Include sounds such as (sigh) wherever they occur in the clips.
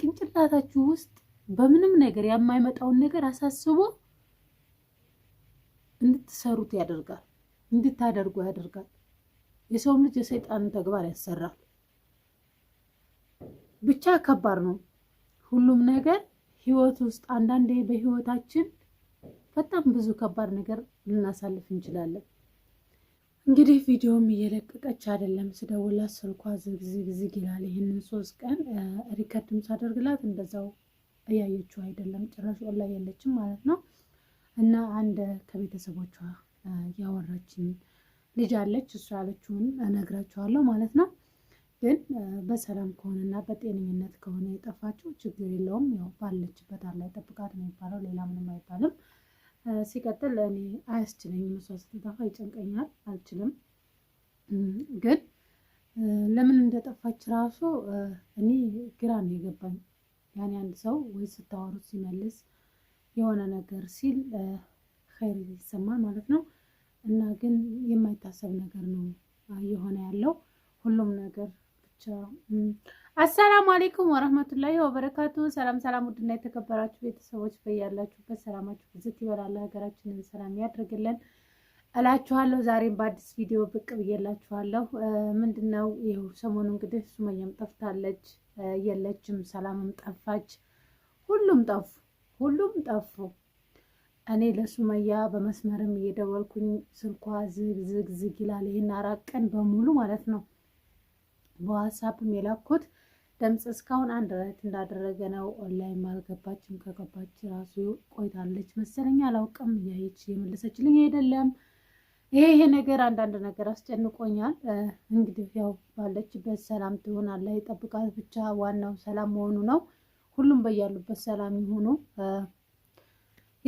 ቅንጭላታችሁ ውስጥ በምንም ነገር የማይመጣውን ነገር አሳስቦ እንድትሰሩት ያደርጋል፣ እንድታደርጉ ያደርጋል። የሰውም ልጅ የሰይጣንን ተግባር ያሰራል። ብቻ ከባድ ነው ሁሉም ነገር ህይወት ውስጥ አንዳንዴ በህይወታችን በጣም ብዙ ከባድ ነገር ልናሳልፍ እንችላለን። እንግዲህ ቪዲዮም እየለቀቀች አይደለም። ስደውላት ስልኳ ዝግ ይላል። ይህንን ሶስት ቀን ሪከርድም ሳደርግላት እንደዛው እያየችው አይደለም። ጭራሽ ላይ የለችም ማለት ነው። እና አንድ ከቤተሰቦቿ ያወራችን ልጅ አለች። እሷ ያለችውን እነግራችኋለሁ ማለት ነው። ግን በሰላም ከሆነና በጤነኝነት ከሆነ የጠፋችው ችግር የለውም። ያው ባለችበት አላ ይጠብቃት ነው የሚባለው። ሌላ ምንም አይባልም። ሲቀጥል እኔ አያስችለኝም። እሷ ስትጠፋ ይጨንቀኛል፣ አልችልም። ግን ለምን እንደጠፋች ራሱ እኔ ግራ ነው የገባኝ። ያኔ አንድ ሰው ወይ ስታወሩት ሲመልስ የሆነ ነገር ሲል ኸይር ይሰማል ማለት ነው። እና ግን የማይታሰብ ነገር ነው እየሆነ ያለው ሁሉም ነገር ናቸው። አሰላሙ አሌይኩም ወረህመቱላሂ ወበረካቱ። ሰላም ሰላም፣ ውድና የተከበራችሁ ቤተሰቦች በያላችሁበት ሰላማችሁ ብዝት ይበላል። ሀገራችንን ሰላም ያደርግልን እላችኋለሁ። ዛሬም በአዲስ ቪዲዮ ብቅ ብዬላችኋለሁ። ምንድን ነው ይኸው እንግዲህ ሱመያም ጠፍታለች፣ የለችም፣ ሰላምም ጠፋች፣ ሁሉም ጠፉ፣ ሁሉም ጠፉ። እኔ ለሱመያ በመስመርም እየደወልኩኝ ስልኳ ዝግ ዝግ ዝግ ይላል። ይህን አራት ቀን በሙሉ ማለት ነው በዋትሳፕም የላኩት ድምፅ እስካሁን አንድ ረት እንዳደረገ ነው። ኦንላይን አልገባችም። ከገባች ራሱ ቆይታለች መሰለኝ፣ አላውቅም። እያየች የመለሰችልኝ አይደለም። ይሄ ይሄ ነገር አንዳንድ ነገር አስጨንቆኛል። እንግዲህ ያው ባለችበት ሰላም ትሆን አለ ይጠብቃት። ብቻ ዋናው ሰላም መሆኑ ነው። ሁሉም በያሉበት ሰላም ይሁኑ።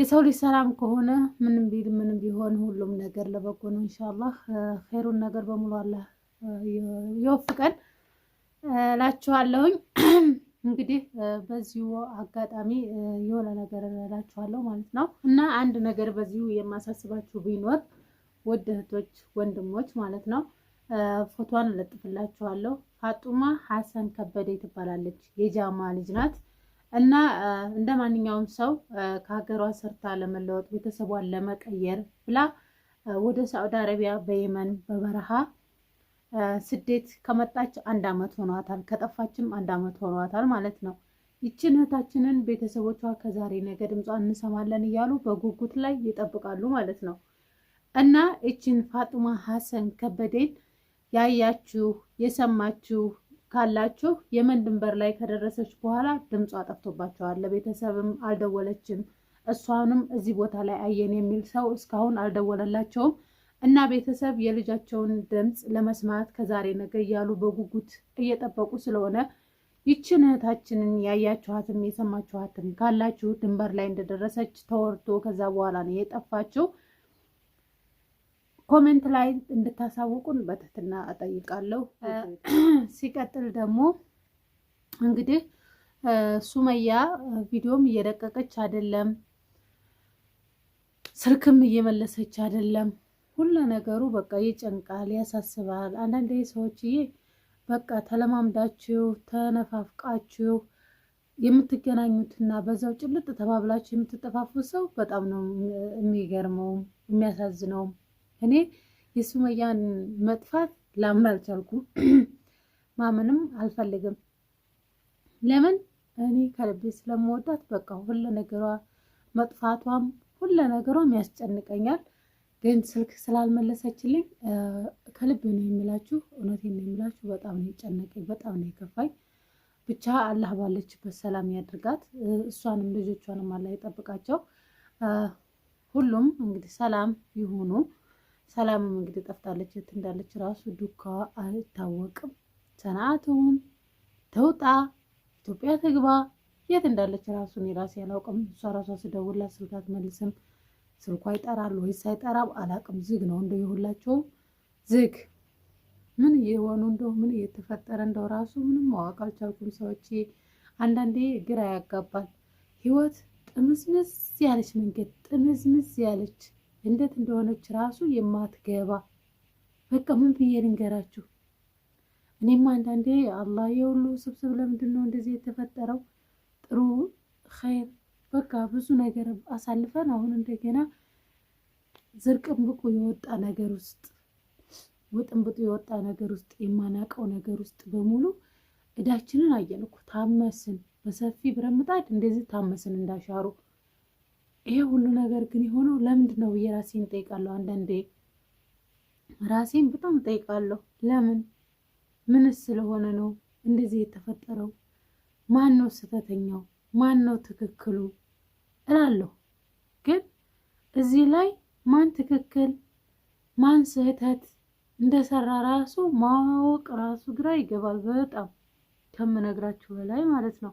የሰው ልጅ ሰላም ከሆነ ምንም ቢል ምንም ቢሆን ሁሉም ነገር ለበጎ ነው። ኢንሻላህ ኸይሩን ነገር በሙሉ አላህ ይወፍቀን እላችኋለሁኝ። እንግዲህ በዚሁ አጋጣሚ የሆነ ነገር እላችኋለሁ ማለት ነው እና አንድ ነገር በዚሁ የማሳስባችሁ ቢኖር ውድ እህቶች፣ ወንድሞች ማለት ነው ፎቶዋን እለጥፍላችኋለሁ። ፋጡማ ሀሰን ከበደ ትባላለች። የጃማ ልጅ ናት እና እንደ ማንኛውም ሰው ከሀገሯ ሰርታ ለመለወጥ ቤተሰቧን ለመቀየር ብላ ወደ ሳዑዲ አረቢያ በየመን በበረሃ ስደት ከመጣች አንድ አመት ሆኗታል። ከጠፋችም አንድ አመት ሆኗታል ማለት ነው። ይችን እህታችንን ቤተሰቦቿ ከዛሬ ነገ ድምጿ እንሰማለን እያሉ በጉጉት ላይ ይጠብቃሉ ማለት ነው። እና ይችን ፋጡማ ሀሰን ከበዴን ያያችሁ የሰማችሁ ካላችሁ የመን ድንበር ላይ ከደረሰች በኋላ ድምጿ ጠፍቶባቸዋል። ለቤተሰብም አልደወለችም። እሷንም እዚህ ቦታ ላይ አየን የሚል ሰው እስካሁን አልደወለላቸውም። እና ቤተሰብ የልጃቸውን ድምፅ ለመስማት ከዛሬ ነገ እያሉ በጉጉት እየጠበቁ ስለሆነ ይችን እህታችንን ያያችኋትም የሰማችኋትም ካላችሁ ድንበር ላይ እንደደረሰች ተወርቶ ከዛ በኋላ ነው የጠፋችው። ኮሜንት ላይ እንድታሳውቁን በትህትና እጠይቃለሁ። (clears throat) ሲቀጥል ደግሞ እንግዲህ ሱመያ ቪዲዮም እየደቀቀች አይደለም፣ ስልክም እየመለሰች አይደለም። ሁሉ ነገሩ በቃ ይጨንቃል፣ ያሳስባል። አንዳንድ ሰዎችዬ በቃ ተለማምዳችሁ ተነፋፍቃችሁ የምትገናኙትና በዛው ጭልጥ ተባብላችሁ የምትጠፋፉ ሰው በጣም ነው የሚገርመው የሚያሳዝነው። እኔ የሱመያን መጥፋት ላምን አልቻልኩም፣ (clears throat) ማመንም አልፈልግም። ለምን እኔ ከልቤ ስለምወዳት በቃ ሁለ ነገሯ መጥፋቷም ሁለ ነገሯም ያስጨንቀኛል። ግን ስልክ ስላልመለሰችልኝ ከልብ ነው የሚላችሁ፣ እውነቴን ነው የሚላችሁ። በጣም ነው የጨነቀኝ፣ በጣም ነው የከፋኝ። ብቻ አላህ ባለችበት ሰላም ያድርጋት፣ እሷንም ልጆቿንም አላህ ይጠብቃቸው። ሁሉም እንግዲህ ሰላም ይሁኑ። ሰላምም እንግዲህ ጠፍታለች፣ የት እንዳለች ራሱ ዱካ አይታወቅም። ሰንዓትም ተውጣ ኢትዮጵያ ትግባ፣ የት እንዳለች ራሱ እኔ ራሴ አላውቅም። እሷ ራሷ ስደውላት ስልክ አትመልስም። ስልኳ ይጠራል ወይስ አይጠራም አላቅም። ዝግ ነው እንደው የሁላቸውም ዝግ። ምን የሆኑ እንደው ምን እየተፈጠረ እንደው ራሱ ምንም ማወቅ አልቻልኩም። ሰዎች አንዳንዴ ግራ ያጋባል ህይወት ጥምዝምዝ ያለች መንገድ ጥምዝምዝ ያለች እንዴት እንደሆነች ራሱ የማትገባ በቃ ምን ብዬ ልንገራችሁ። እኔም አንዳንዴ አላህ የሁሉ ስብስብ ለምንድን ነው እንደዚህ የተፈጠረው? ጥሩ ኸይር በቃ ብዙ ነገር አሳልፈን አሁን እንደገና ዝርቅምብቁ የወጣ ነገር ውስጥ ውጥንብጡ የወጣ ነገር ውስጥ የማናቀው ነገር ውስጥ በሙሉ እዳችንን አየን እኮ ታመስን። በሰፊ ብረት ምጣድ እንደዚህ ታመስን እንዳሻሩ። ይሄ ሁሉ ነገር ግን የሆነው ለምንድን ነው ብዬ ራሴን እጠይቃለሁ። አንዳንዴ ራሴን በጣም ጠይቃለሁ? ለምን ምንስ ስለሆነ ነው እንደዚህ የተፈጠረው? ማን ነው ስህተተኛው? ማን ነው ትክክሉ? እላለሁ። ግን እዚህ ላይ ማን ትክክል ማን ስህተት እንደሰራ ራሱ ማወቅ ራሱ ግራ ይገባል። በጣም ከምነግራችሁ በላይ ማለት ነው።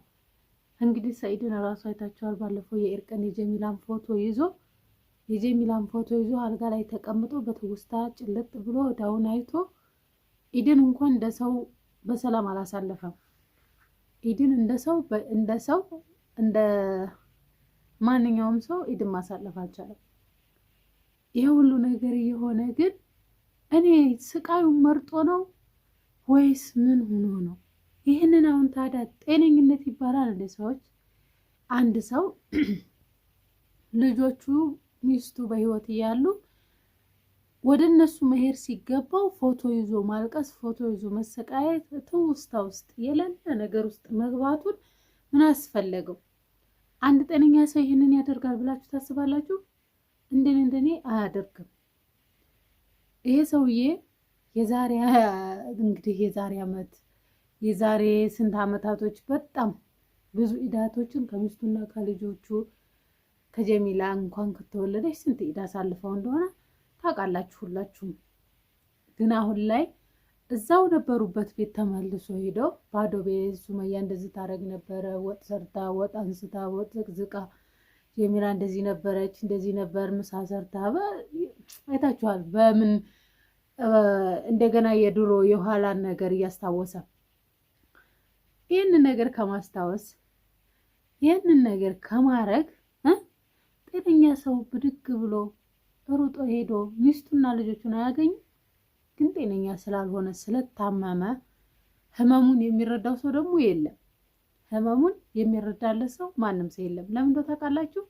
እንግዲህ ሰኢድን ራሱ አይታችኋል። ባለፈው የኤርቀን የጀሚላን ፎቶ ይዞ የጀሚላን ፎቶ ይዞ አልጋ ላይ ተቀምጦ በትውስታ ጭልጥ ብሎ ዳውን አይቶ ኢድን እንኳን እንደ ሰው በሰላም አላሳለፈም። ኢድን እንደ ሰው እንደ ሰው እንደ ማንኛውም ሰው ኢድን ማሳለፍ አልቻለም። ይህ ሁሉ ነገር እየሆነ ግን እኔ ስቃዩን መርጦ ነው ወይስ ምን ሆኖ ነው? ይህንን አሁን ታዲያ ጤነኝነት ይባላል እንደ ሰዎች አንድ ሰው (clears throat) ልጆቹ ሚስቱ በህይወት እያሉ ወደ እነሱ መሄድ ሲገባው ፎቶ ይዞ ማልቀስ፣ ፎቶ ይዞ መሰቃየት፣ ትውስታ ውስጥ የሌለ ነገር ውስጥ መግባቱን ምን አስፈለገው? አንድ ጤነኛ ሰው ይህንን ያደርጋል ብላችሁ ታስባላችሁ? እንደኔ እንደኔ አያደርግም። ይሄ ሰውዬ የዛሬ እንግዲህ የዛሬ ዓመት የዛሬ ስንት ዓመታቶች በጣም ብዙ ኢዳቶችን ከሚስቱና ከልጆቹ ከጀሚላ እንኳን ከተወለደች ስንት ኢዳ አሳልፈው እንደሆነ ታውቃላችሁ ሁላችሁም። ግን አሁን ላይ እዛው ነበሩበት ቤት ተመልሶ ሄደው ባዶ ቤት ሱመያ እንደዚህ ታደረግ ነበረ። ወጥ ሰርታ፣ ወጥ አንስታ፣ ወጥ ዝቅዝቃ ጀሚላ እንደዚህ ነበረች፣ እንደዚህ ነበር፣ ምሳ ሰርታ አይታችኋል። በምን እንደገና የድሮ የኋላን ነገር እያስታወሰ ይህንን ነገር ከማስታወስ ይህንን ነገር ከማድረግ ጤነኛ ሰው ብድግ ብሎ ሩጦ ሄዶ ሚስቱና ልጆቹን አያገኝም። ግን ጤነኛ ስላልሆነ ስለታመመ ህመሙን የሚረዳው ሰው ደግሞ የለም። ህመሙን የሚረዳለት ሰው ማንም ሰው የለም። ለምን እንደው ታውቃላችሁ?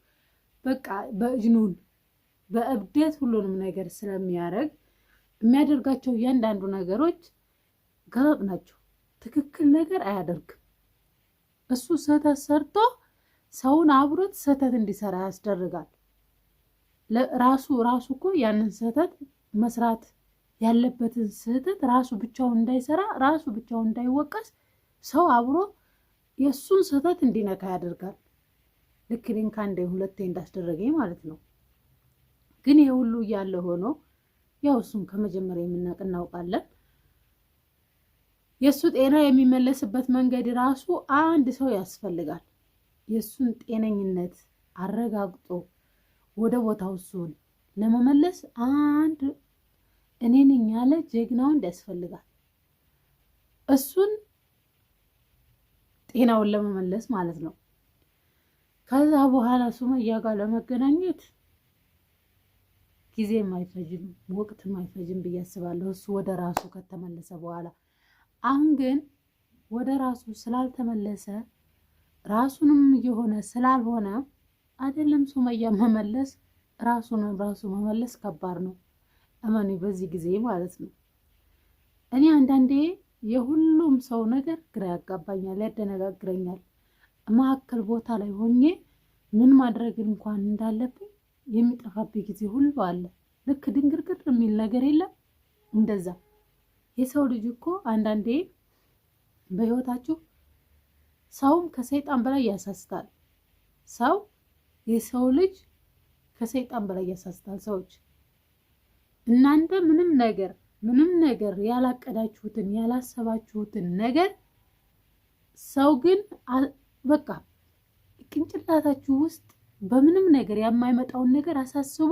በቃ በእጅኑን በእብደት ሁሉንም ነገር ስለሚያደርግ የሚያደርጋቸው እያንዳንዱ ነገሮች ገለጥ ናቸው። ትክክል ነገር አያደርግም። እሱ ስህተት ሰርቶ ሰውን አብሮት ስህተት እንዲሰራ ያስደርጋል። ራሱ ራሱ እኮ ያንን ስህተት መስራት ያለበትን ስህተት ራሱ ብቻውን እንዳይሰራ ራሱ ብቻውን እንዳይወቀስ ሰው አብሮ የእሱን ስህተት እንዲነካ ያደርጋል። ልክ እኔን ከአንዴ ሁለቴ እንዳስደረገኝ ማለት ነው። ግን ይህ ሁሉ እያለ ሆኖ ያው እሱን ከመጀመሪያ የምናቅ እናውቃለን። የእሱ ጤና የሚመለስበት መንገድ ራሱ አንድ ሰው ያስፈልጋል። የእሱን ጤነኝነት አረጋግጦ ወደ ቦታው እሱን ለመመለስ አንድ እኔ ነኝ ያለ ጀግና ወንድ ያስፈልጋል። እሱን ጤናውን ለመመለስ ማለት ነው። ከዛ በኋላ ሱመያ ጋር ለመገናኘት ጊዜም አይፈጅም ወቅትም አይፈጅም ብዬ አስባለሁ። እሱ ወደ ራሱ ከተመለሰ በኋላ አሁን ግን ወደ ራሱ ስላልተመለሰ ራሱንም እየሆነ ስላልሆነ አይደለም ሱመያ መመለስ ራሱንም ራሱ መመለስ ከባድ ነው። እመኑ በዚህ ጊዜ ማለት ነው። እኔ አንዳንዴ የሁሉም ሰው ነገር ግራ ያጋባኛል፣ ያደነጋግረኛል። መካከል ቦታ ላይ ሆኜ ምን ማድረግ እንኳን እንዳለብኝ የሚጠፋብኝ ጊዜ ሁሉ አለ። ልክ ድንግርግር የሚል ነገር የለም። እንደዛ የሰው ልጅ እኮ አንዳንዴ በህይወታችሁ ሰውም ከሰይጣን በላይ ያሳስታል። ሰው የሰው ልጅ ከሰይጣን በላይ ያሳስታል ሰዎች እናንተ ምንም ነገር ምንም ነገር ያላቀዳችሁትን ያላሰባችሁትን ነገር ሰው ግን በቃ ቅንጭላታችሁ ውስጥ በምንም ነገር የማይመጣውን ነገር አሳስቦ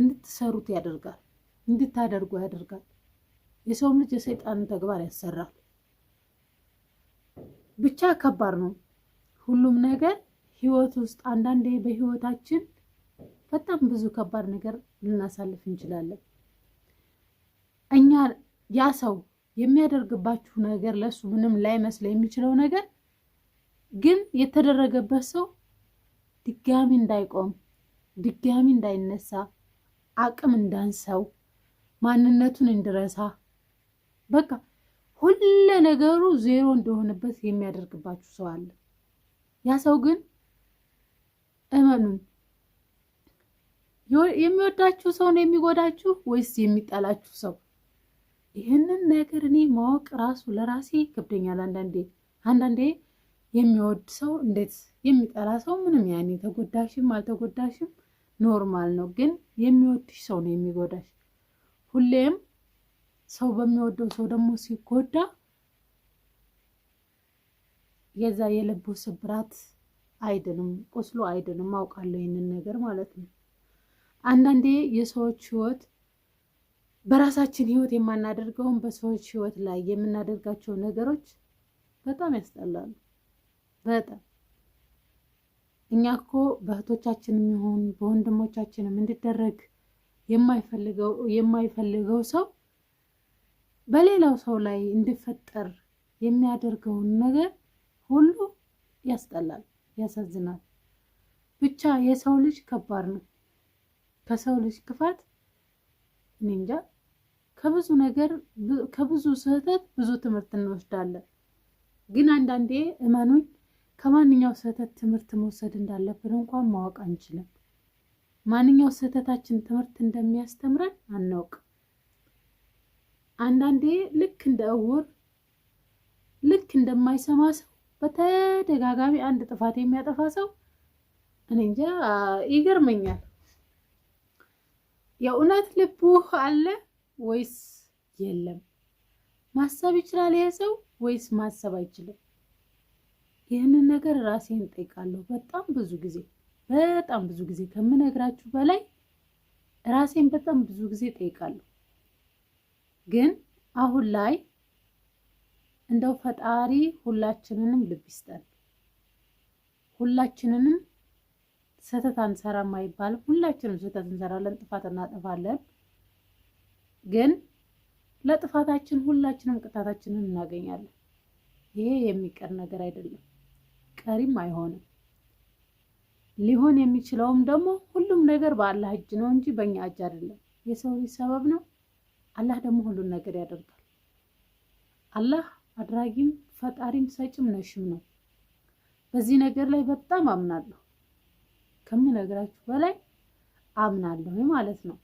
እንድትሰሩት ያደርጋል፣ እንድታደርጉ ያደርጋል። የሰውም ልጅ የሰይጣንን ተግባር ያሰራል። ብቻ ከባድ ነው ሁሉም ነገር ህይወት ውስጥ አንዳንዴ በህይወታችን በጣም ብዙ ከባድ ነገር ልናሳልፍ እንችላለን። እኛ ያ ሰው የሚያደርግባችሁ ነገር ለሱ ምንም ላይመስል የሚችለው ነገር ግን የተደረገበት ሰው ድጋሚ እንዳይቆም ድጋሚ እንዳይነሳ አቅም እንዳንሰው ማንነቱን እንድረሳ በቃ ሁለ ነገሩ ዜሮ እንደሆነበት የሚያደርግባችሁ ሰው አለ። ያ ሰው ግን እመኑን የሚወዳችሁ ሰው ነው የሚጎዳችሁ ወይስ የሚጠላችሁ ሰው? ይህንን ነገር እኔ ማወቅ ራሱ ለራሴ ይከብደኛል። አንዳንዴ አንዳንዴ የሚወድ ሰው እንዴት የሚጠላ ሰው ምንም ያኔ ተጎዳሽም አልተጎዳሽም ኖርማል ነው። ግን የሚወድሽ ሰው ነው የሚጎዳሽ። ሁሌም ሰው በሚወደው ሰው ደግሞ ሲጎዳ የዛ የልቡ ስብራት አይድንም፣ ቁስሉ አይድንም። አውቃለሁ ይህንን ነገር ማለት ነው። አንዳንዴ የሰዎች ህይወት በራሳችን ህይወት የማናደርገውን በሰዎች ህይወት ላይ የምናደርጋቸው ነገሮች በጣም ያስጠላሉ። በጣም እኛ እኮ በእህቶቻችንም ይሁን በወንድሞቻችንም እንዲደረግ የማይፈልገው ሰው በሌላው ሰው ላይ እንዲፈጠር የሚያደርገውን ነገር ሁሉ ያስጠላል፣ ያሳዝናል። ብቻ የሰው ልጅ ከባድ ነው። ከሰው ልጅ ክፋት እኔ እንጃ ከብዙ ነገር ከብዙ ስህተት ብዙ ትምህርት እንወስዳለን። ግን አንዳንዴ እመኑኝ ከማንኛው ስህተት ትምህርት መውሰድ እንዳለብን እንኳን ማወቅ አንችልም። ማንኛው ስህተታችን ትምህርት እንደሚያስተምረን አናውቅ። አንዳንዴ ልክ እንደ እውር ልክ እንደማይሰማ ሰው በተደጋጋሚ አንድ ጥፋት የሚያጠፋ ሰው እኔ እንጃ ይገርመኛል። የእውነት ልብህ አለ ወይስ የለም? ማሰብ ይችላል ይሄ ሰው ወይስ ማሰብ አይችልም? ይህንን ነገር ራሴን ጠይቃለሁ። በጣም ብዙ ጊዜ በጣም ብዙ ጊዜ ከምነግራችሁ በላይ ራሴን በጣም ብዙ ጊዜ ጠይቃለሁ። ግን አሁን ላይ እንደው ፈጣሪ ሁላችንንም ልብ ይስጠን፣ ሁላችንንም ስህተት አንሰራም አይባልም። ሁላችንም ስህተት እንሰራለን፣ ጥፋት እናጠፋለን። ግን ለጥፋታችን ሁላችንም ቅጣታችንን እናገኛለን። ይሄ የሚቀር ነገር አይደለም፣ ቀሪም አይሆንም። ሊሆን የሚችለውም ደግሞ ሁሉም ነገር በአላህ እጅ ነው እንጂ በእኛ እጅ አይደለም። የሰው ልጅ ሰበብ ነው። አላህ ደግሞ ሁሉን ነገር ያደርጋል። አላህ አድራጊም ፈጣሪም ሰጭም ነሽም ነው። በዚህ ነገር ላይ በጣም አምናለሁ። ከምነግራችሁ በላይ አምናለሁ ማለት ነው።